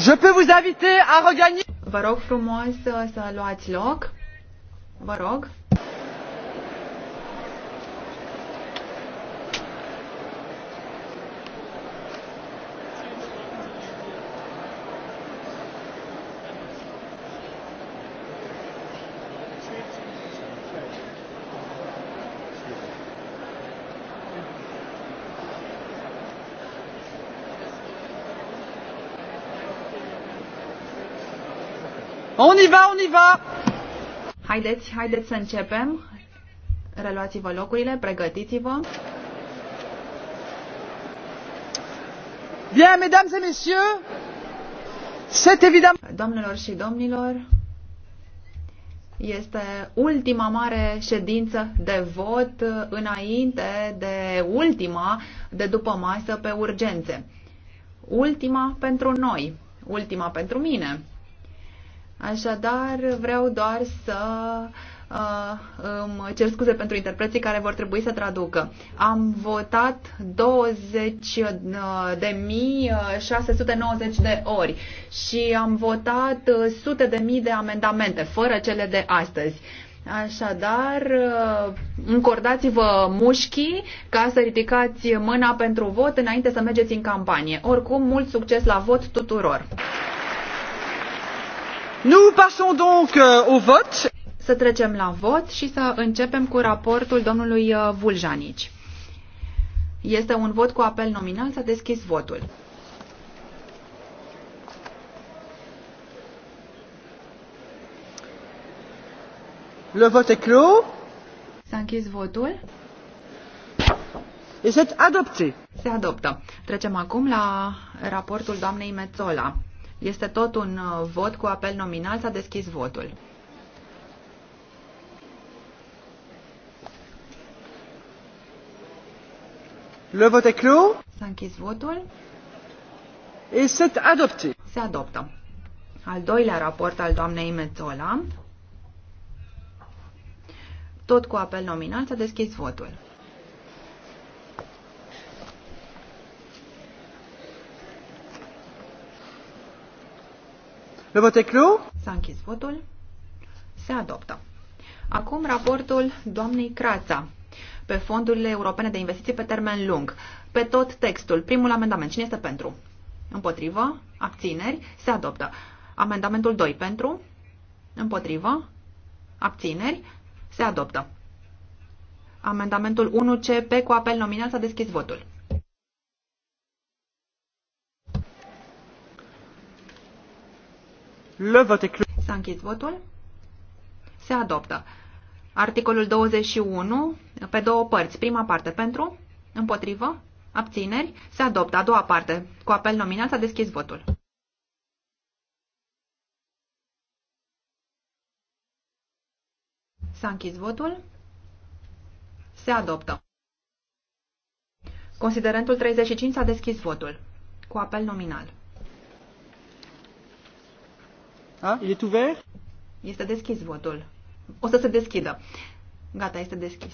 Je peux vous inviter à regagner. Vă rog frumos să, să luați loc. Vă rog. On y va, on y va! Haideți, haideți să începem. Reluați-vă locurile, pregătiți-vă. Bien, mesdames et messieurs, c'est évident... Doamnelor și domnilor, este ultima mare ședință de vot înainte de ultima de după masă pe urgențe. Ultima pentru noi, ultima pentru mine, Așadar, vreau doar să uh, îmi cer scuze pentru interpreții care vor trebui să traducă. Am votat 20.690 uh, uh, de ori și am votat uh, sute de mii de amendamente, fără cele de astăzi. Așadar, încordați-vă mușchii ca să ridicați mâna pentru vot înainte să mergeți în campanie. Oricum, mult succes la vot tuturor! Nous passons donc euh, au vote. Să trecem la vot și să începem cu raportul domnului uh, Vuljanici. Este un vot cu apel nominal, s-a deschis votul. Le vote est clos. S-a închis votul. Et c'est adopté. Se adoptă. Trecem acum la raportul doamnei Mețola. Este tot un uh, vot cu apel nominal. S-a deschis votul. Le vote est clos. S-a închis votul. Et c'est adopté. Se adoptă. Al doilea raport al doamnei Metzola. Tot cu apel nominal s-a deschis votul. Le vote clos. S-a închis votul. Se adoptă. Acum raportul doamnei Crața pe fondurile europene de investiții pe termen lung. Pe tot textul. Primul amendament. Cine este pentru? Împotrivă. Abțineri. Se adoptă. Amendamentul 2 pentru. Împotrivă. Abțineri. Se adoptă. Amendamentul 1CP cu apel nominal s-a deschis votul. Le vote clos. S-a închis votul. Se adoptă. Articolul 21, pe două părți. Prima parte pentru, împotrivă, abțineri. Se adoptă. A doua parte, cu apel nominal, s-a deschis votul. S-a închis votul. Se adoptă. Considerentul 35 s-a deschis votul. Cu apel nominal. A? Il est ouvert? Este deschis votul. O să se deschidă. Gata, este deschis.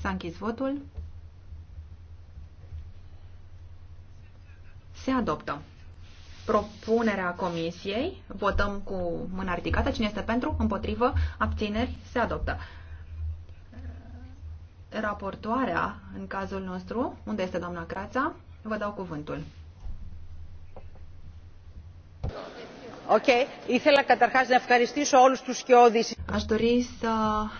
S-a închis votul. Se adoptă. Propunerea comisiei. Votăm cu mâna ridicată. Cine este pentru? Împotrivă? Abțineri? Se adoptă. Raportoarea, în cazul nostru, unde este doamna Crața? Vă dau cuvântul. Aș dori să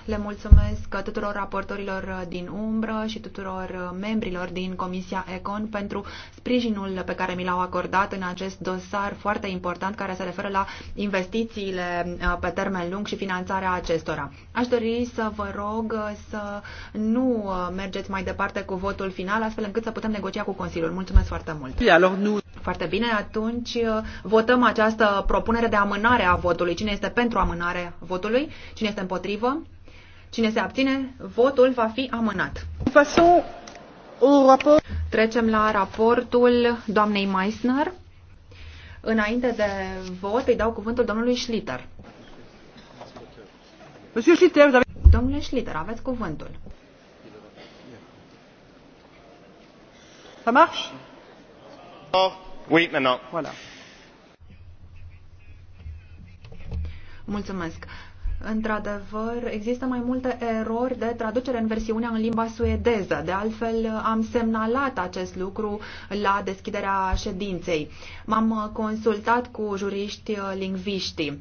le mulțumesc tuturor raportorilor din umbră și tuturor membrilor din Comisia Econ pentru sprijinul pe care mi l-au acordat în acest dosar foarte important care se referă la investițiile uh, pe termen lung și finanțarea acestora. Aș dori să vă rog să nu uh, mergeți mai departe cu votul final, astfel încât să putem negocia cu Consiliul. Mulțumesc foarte mult! Foarte bine, atunci uh, votăm această propunere de amânare a votului. Cine este pentru amânare votului? Cine este împotrivă? Cine se abține? Votul va fi amânat. Trecem la raportul doamnei Meissner. Înainte de vot îi dau cuvântul domnului Schlitter Domnule Schlitter, aveți cuvântul. Ça marche? Oh. Mulțumesc. Într-adevăr, există mai multe erori de traducere în versiunea în limba suedeză. De altfel, am semnalat acest lucru la deschiderea ședinței. M-am consultat cu juriști lingviști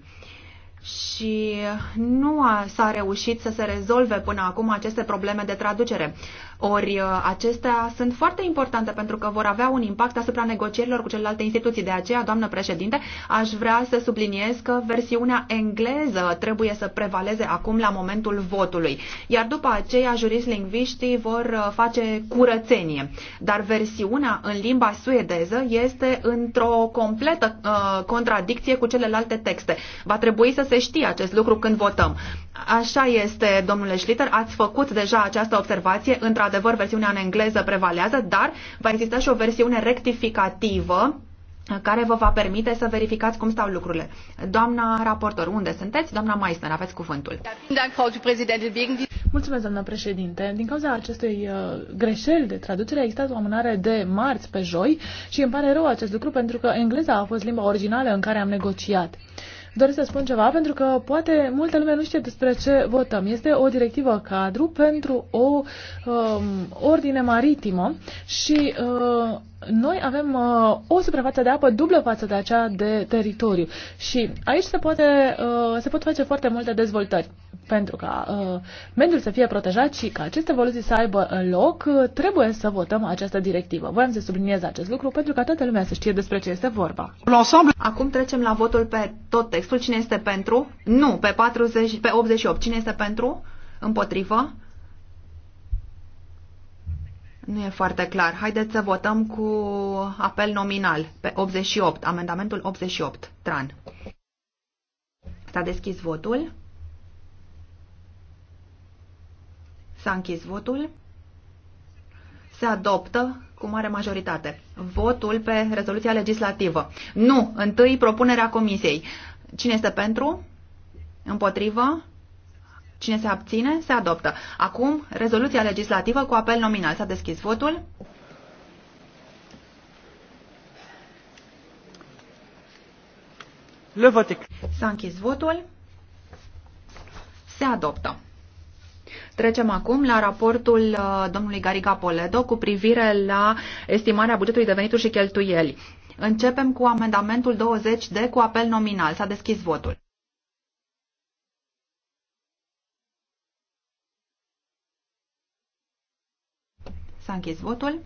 și nu s-a reușit să se rezolve până acum aceste probleme de traducere. Ori uh, acestea sunt foarte importante pentru că vor avea un impact asupra negocierilor cu celelalte instituții. De aceea, doamnă președinte, aș vrea să subliniez că versiunea engleză trebuie să prevaleze acum la momentul votului. Iar după aceea, jurislingviștii vor uh, face curățenie. Dar versiunea în limba suedeză este într-o completă uh, contradicție cu celelalte texte. Va trebui să se știe acest lucru când votăm. Așa este, domnule Schlitter, ați făcut deja această observație. Într-adevăr, versiunea în engleză prevalează, dar va exista și o versiune rectificativă care vă va permite să verificați cum stau lucrurile. Doamna raportor, unde sunteți? Doamna Meissner, aveți cuvântul. Mulțumesc, doamna președinte. Din cauza acestei uh, greșeli de traducere a existat o amânare de marți pe joi și îmi pare rău acest lucru pentru că engleza a fost limba originală în care am negociat. Doresc să spun ceva pentru că poate multă lume nu știe despre ce votăm. Este o directivă cadru pentru o um, ordine maritimă și uh, noi avem uh, o suprafață de apă dublă față de acea de teritoriu și aici se, poate, uh, se pot face foarte multe dezvoltări pentru ca uh, mediul să fie protejat și ca aceste evoluții să aibă uh, loc, uh, trebuie să votăm această directivă. Voiam să subliniez acest lucru pentru ca toată lumea să știe despre ce este vorba. Acum trecem la votul pe tot textul. Cine este pentru? Nu, pe, 40, pe 88. Cine este pentru? Împotrivă? Nu e foarte clar. Haideți să votăm cu apel nominal pe 88, amendamentul 88, TRAN. S-a deschis votul. S-a închis votul. Se adoptă cu mare majoritate. Votul pe rezoluția legislativă. Nu. Întâi propunerea comisiei. Cine este pentru? Împotrivă? Cine se abține? Se adoptă. Acum, rezoluția legislativă cu apel nominal. S-a deschis votul. S-a închis votul. Se adoptă. Trecem acum la raportul uh, domnului Gariga Poledo cu privire la estimarea bugetului de venituri și cheltuieli. Începem cu amendamentul 20 de cu apel nominal. S-a deschis votul. S-a închis votul.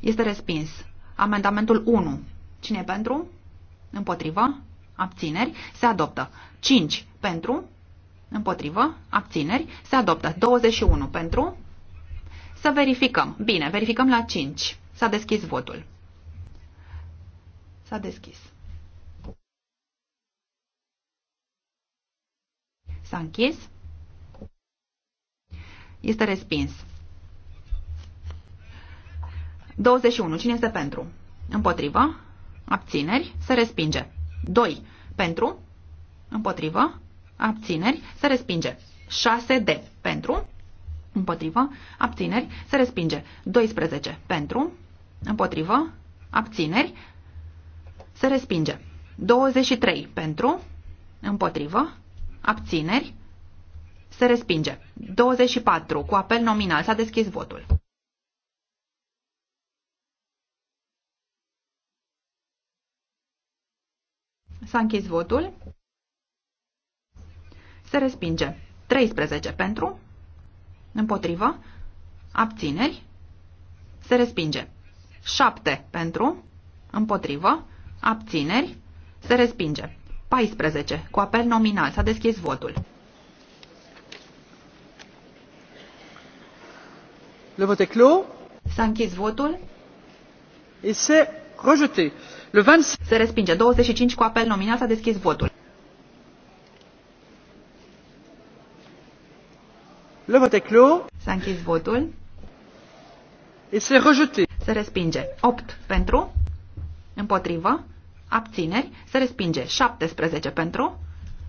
Este respins. Amendamentul 1. Cine e pentru? Împotriva? Abțineri? Se adoptă. 5. Pentru? Împotrivă. Abțineri. Se adoptă. 21 pentru. Să verificăm. Bine, verificăm la 5. S-a deschis votul. S-a deschis. S-a închis. Este respins. 21. Cine este pentru? Împotrivă. Abțineri. Se respinge. 2. Pentru. Împotrivă abțineri, se respinge. 6D pentru, împotrivă, abțineri, se respinge. 12 pentru, împotrivă, abțineri, se respinge. 23 pentru, împotrivă, abțineri, se respinge. 24 cu apel nominal s-a deschis votul. S-a închis votul. Se respinge. 13 pentru. Împotrivă. Abțineri. Se respinge. 7 pentru. Împotrivă. Abțineri. Se respinge. 14. Cu apel nominal. S-a deschis votul. Le vote clos. S-a închis votul. Et c'est rejeté. Le 20... Se respinge. 25 cu apel nominal. S-a deschis votul. Le vote est clos. S-a închis votul. Et c'est rejeté. Se respinge. 8 pentru, împotrivă, abțineri, se respinge. 17 pentru,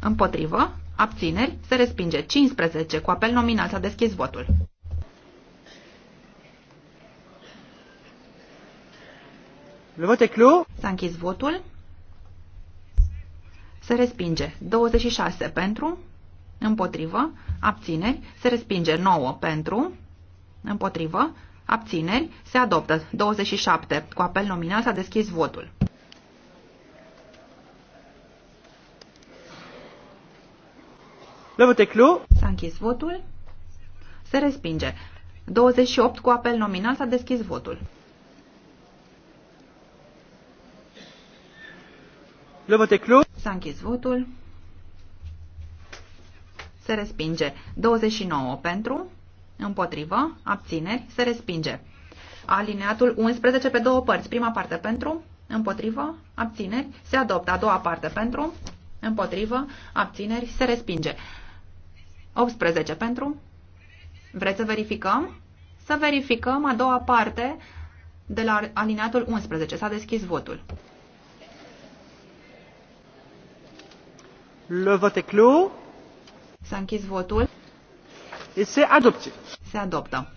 împotrivă, abțineri, se respinge. 15 cu apel nominal s-a deschis votul. Le vote est clos. S-a închis votul. Se respinge. 26 pentru, împotrivă, abțineri, se respinge 9 pentru, împotrivă, abțineri, se adoptă 27. Cu apel nominal s-a deschis votul. Le vote S-a închis votul. Se respinge. 28 cu apel nominal s-a deschis votul. Le vote S-a închis votul se respinge. 29 pentru, împotrivă, abțineri, se respinge. Alineatul 11 pe două părți. Prima parte pentru, împotrivă, abțineri, se adoptă. A doua parte pentru, împotrivă, abțineri, se respinge. 18 pentru, vreți să verificăm? Să verificăm a doua parte de la alineatul 11. S-a deschis votul. Le vote clos. S-a închis votul. Se c'est Se adoptă.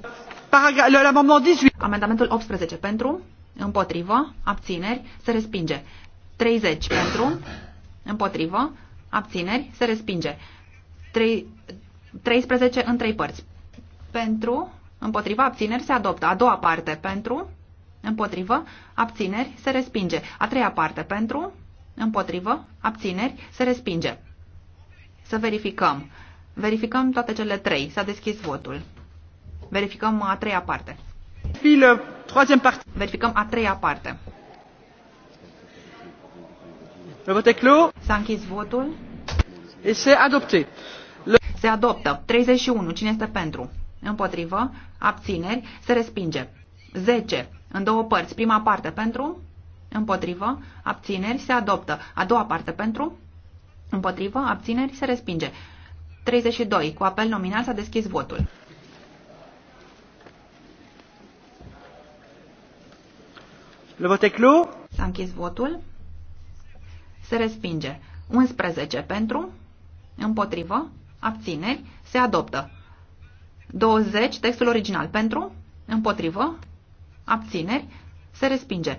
L'amendement 18. Amendamentul 18 pentru, împotrivă, abțineri, se respinge. 30 pentru, împotrivă, abțineri, se respinge. 3, 13 în trei părți. Pentru, împotrivă, abțineri, se adoptă. A doua parte pentru, împotrivă, abțineri, se respinge. A treia parte pentru, împotrivă, abțineri, se respinge. Să verificăm. Verificăm toate cele trei. S-a deschis votul. Verificăm a treia parte. Verificăm a treia parte. S-a închis votul. se Se adoptă. 31. Cine este pentru? Împotrivă. Abțineri. Se respinge. 10. În două părți. Prima parte pentru. Împotrivă. Abțineri. Se adoptă. A doua parte pentru. Împotrivă, abțineri, se respinge. 32. Cu apel nominal s-a deschis votul. Le vote est clos. S-a închis votul. Se respinge. 11 pentru, împotrivă, abțineri, se adoptă. 20, textul original pentru, împotrivă, abțineri, se respinge.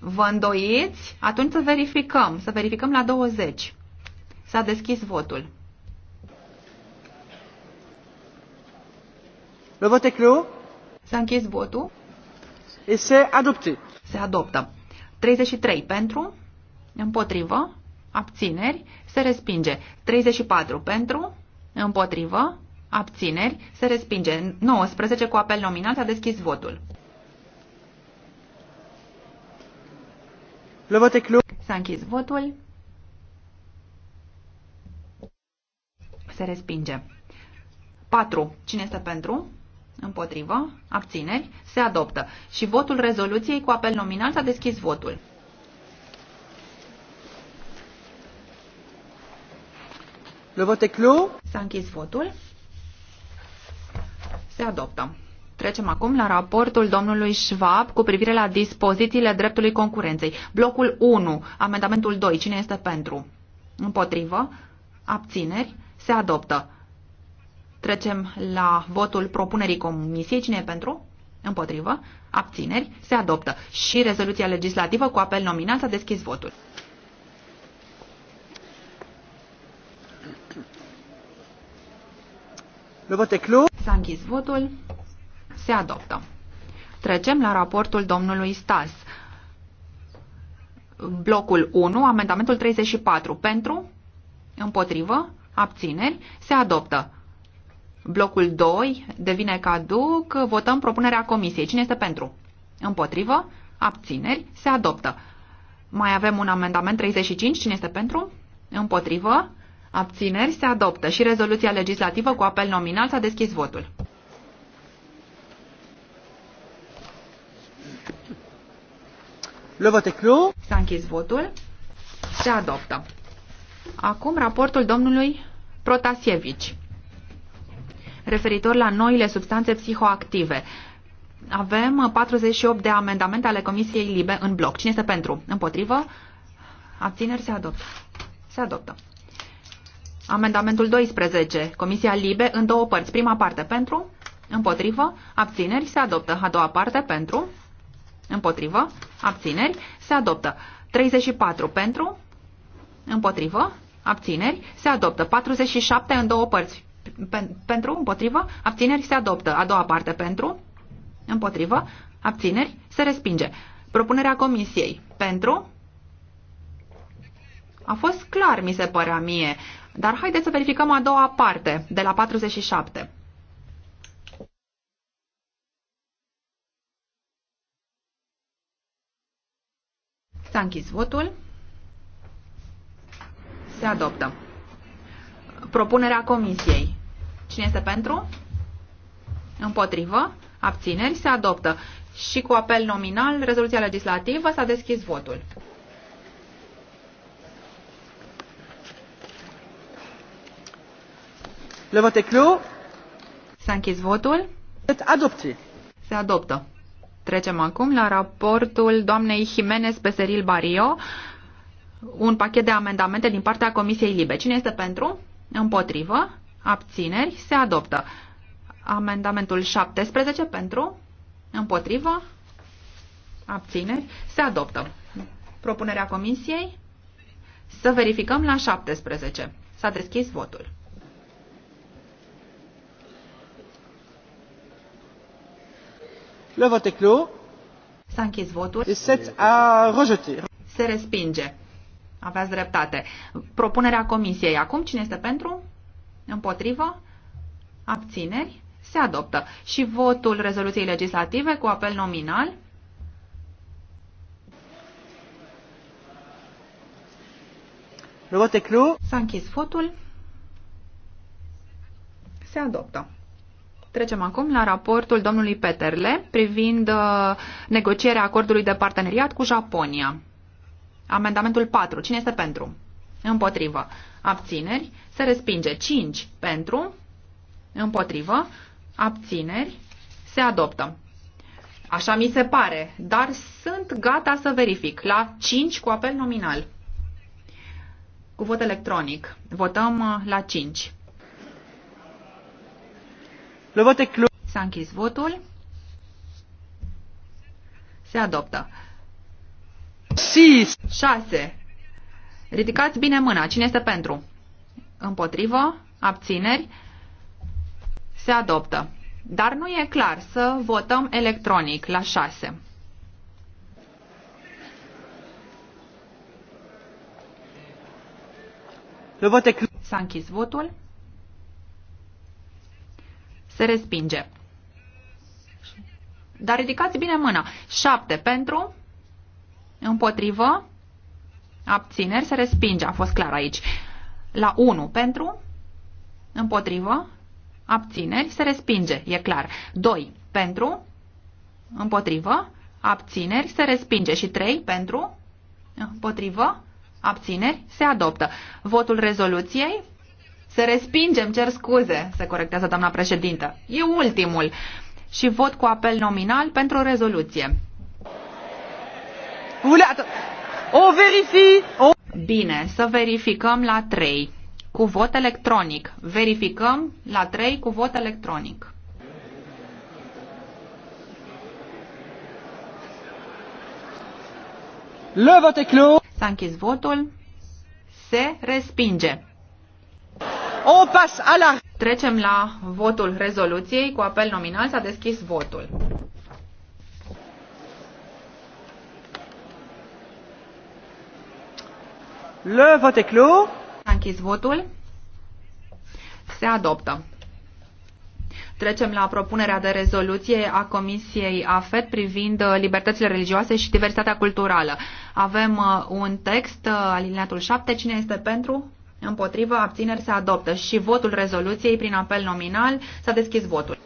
Vă îndoiți? Atunci să verificăm. Să verificăm la 20. S-a deschis votul. Le vote clos. S-a închis votul. Și se adopte. Se adoptă. 33 pentru, împotrivă, abțineri, se respinge. 34 pentru, împotrivă, abțineri, se respinge. 19 cu apel nominal s-a deschis votul. Le vot est clos. S-a închis votul. Se respinge. 4. Cine este pentru? Împotrivă. Abțineri. Se adoptă. Și votul rezoluției cu apel nominal s-a deschis votul. Le vote est clos. S-a închis votul. Se adoptă. Trecem acum la raportul domnului Schwab cu privire la dispozițiile dreptului concurenței. Blocul 1, amendamentul 2, cine este pentru? Împotrivă? Abțineri? Se adoptă. Trecem la votul propunerii comisiei. Cine e pentru? Împotrivă? Abțineri? Se adoptă. Și rezoluția legislativă cu apel nominal s-a deschis votul. Le vot clos. S-a închis votul. Se adoptă. Trecem la raportul domnului Stas. Blocul 1, amendamentul 34. Pentru, împotrivă, abțineri, se adoptă. Blocul 2 devine caduc. Votăm propunerea comisiei. Cine este pentru? Împotrivă, abțineri, se adoptă. Mai avem un amendament 35. Cine este pentru? Împotrivă, abțineri, se adoptă. Și rezoluția legislativă cu apel nominal s-a deschis votul. Le vote clos. S-a închis votul. Se adoptă. Acum raportul domnului Protasievici referitor la noile substanțe psihoactive. Avem 48 de amendamente ale Comisiei Libe în bloc. Cine este pentru? Împotrivă? Abțineri se adoptă. Se adoptă. Amendamentul 12. Comisia Libe în două părți. Prima parte pentru, împotrivă, abțineri se adoptă. A doua parte pentru, Împotrivă. Abțineri. Se adoptă. 34 pentru. Împotrivă. Abțineri. Se adoptă. 47 în două părți. pentru. Împotrivă. Abțineri. Se adoptă. A doua parte pentru. Împotrivă. Abțineri. Se respinge. Propunerea comisiei. Pentru. A fost clar, mi se părea mie. Dar haideți să verificăm a doua parte, de la 47. S-a închis votul. Se adoptă. Propunerea comisiei. Cine este pentru? Împotrivă. Abțineri. Se adoptă. Și cu apel nominal, rezoluția legislativă s-a deschis votul. Le vote clos. S-a închis votul. Se adoptă. Trecem acum la raportul doamnei Jimenez Peseril Barrio, un pachet de amendamente din partea Comisiei Libe. Cine este pentru? Împotrivă? Abțineri? Se adoptă. Amendamentul 17 pentru? Împotrivă? Abțineri? Se adoptă. Propunerea Comisiei? Să verificăm la 17. S-a deschis votul. Le vote est clos. S-a închis votul. a rejeté. Se respinge. Aveați dreptate. Propunerea comisiei. Acum cine este pentru? Împotrivă? Abțineri? Se adoptă. Și votul rezoluției legislative cu apel nominal? Le vote clos. S-a închis votul. Se adoptă. Trecem acum la raportul domnului Peterle privind uh, negocierea acordului de parteneriat cu Japonia. Amendamentul 4. Cine este pentru? Împotrivă. Abțineri. Se respinge. 5. Pentru. Împotrivă. Abțineri. Se adoptă. Așa mi se pare, dar sunt gata să verific. La 5 cu apel nominal. Cu vot electronic. Votăm uh, la 5. Le vote clos. S-a închis votul. Se adoptă. 6. 6. Ridicați bine mâna. Cine este pentru? Împotrivă? Abțineri? Se adoptă. Dar nu e clar să votăm electronic la 6. S-a închis votul. Se respinge. Dar ridicați bine mâna. 7 pentru, împotrivă, abțineri, se respinge. A fost clar aici. La 1 pentru, împotrivă, abțineri, se respinge, e clar. 2 pentru, împotrivă, abțineri, se respinge. Și 3 pentru, împotrivă, abțineri, se adoptă. Votul rezoluției se respingem, cer scuze, se corectează doamna președintă. E ultimul. Și vot cu apel nominal pentru o rezoluție. O verifici. Bine, să verificăm la 3 cu vot electronic. Verificăm la 3 cu vot electronic. Le vote clos. S-a închis votul. Se respinge. Trecem la votul rezoluției cu apel nominal. S-a deschis votul. Le vote est clos. S-a închis votul. Se adoptă. Trecem la propunerea de rezoluție a Comisiei AFET privind uh, libertățile religioase și diversitatea culturală. Avem uh, un text, uh, alineatul 7. Cine este pentru? Împotrivă, abțineri se adoptă. Și votul rezoluției prin apel nominal s-a deschis votul.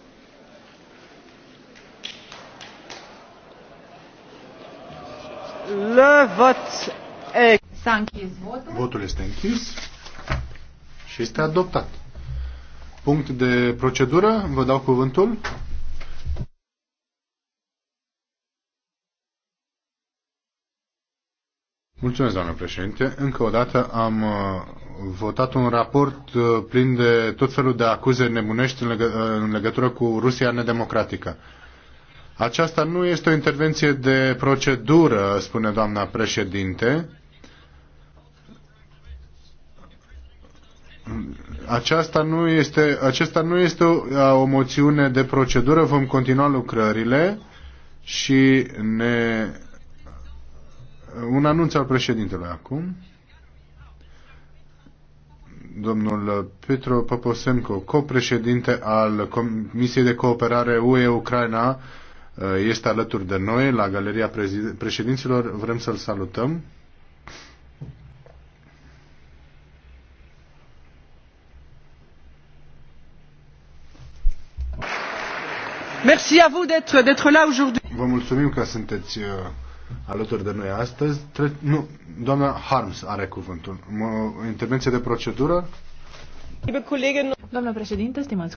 Le vot e... S-a închis votul. Votul este închis și este adoptat. Punct de procedură, vă dau cuvântul. Mulțumesc, doamnă președinte. Încă o dată am uh, votat un raport uh, plin de tot felul de acuze nebunești în, legă, uh, în legătură cu Rusia nedemocratică. Aceasta nu este o intervenție de procedură, spune doamna președinte. Aceasta nu este, Aceasta nu este o, o moțiune de procedură. Vom continua lucrările și ne Uh, un anunț al președintelui acum. Domnul Petro Poposenko, copreședinte al Comisiei de Cooperare UE-Ucraina, uh, este alături de noi la Galeria Președinților. Vrem să-l salutăm. Merci à vous d'être là aujourd'hui. Vă mulțumim că sunteți uh, alături de noi astăzi. Tre- nu, doamna Harms are cuvântul. O intervenție de procedură? Doamna președinte, stimați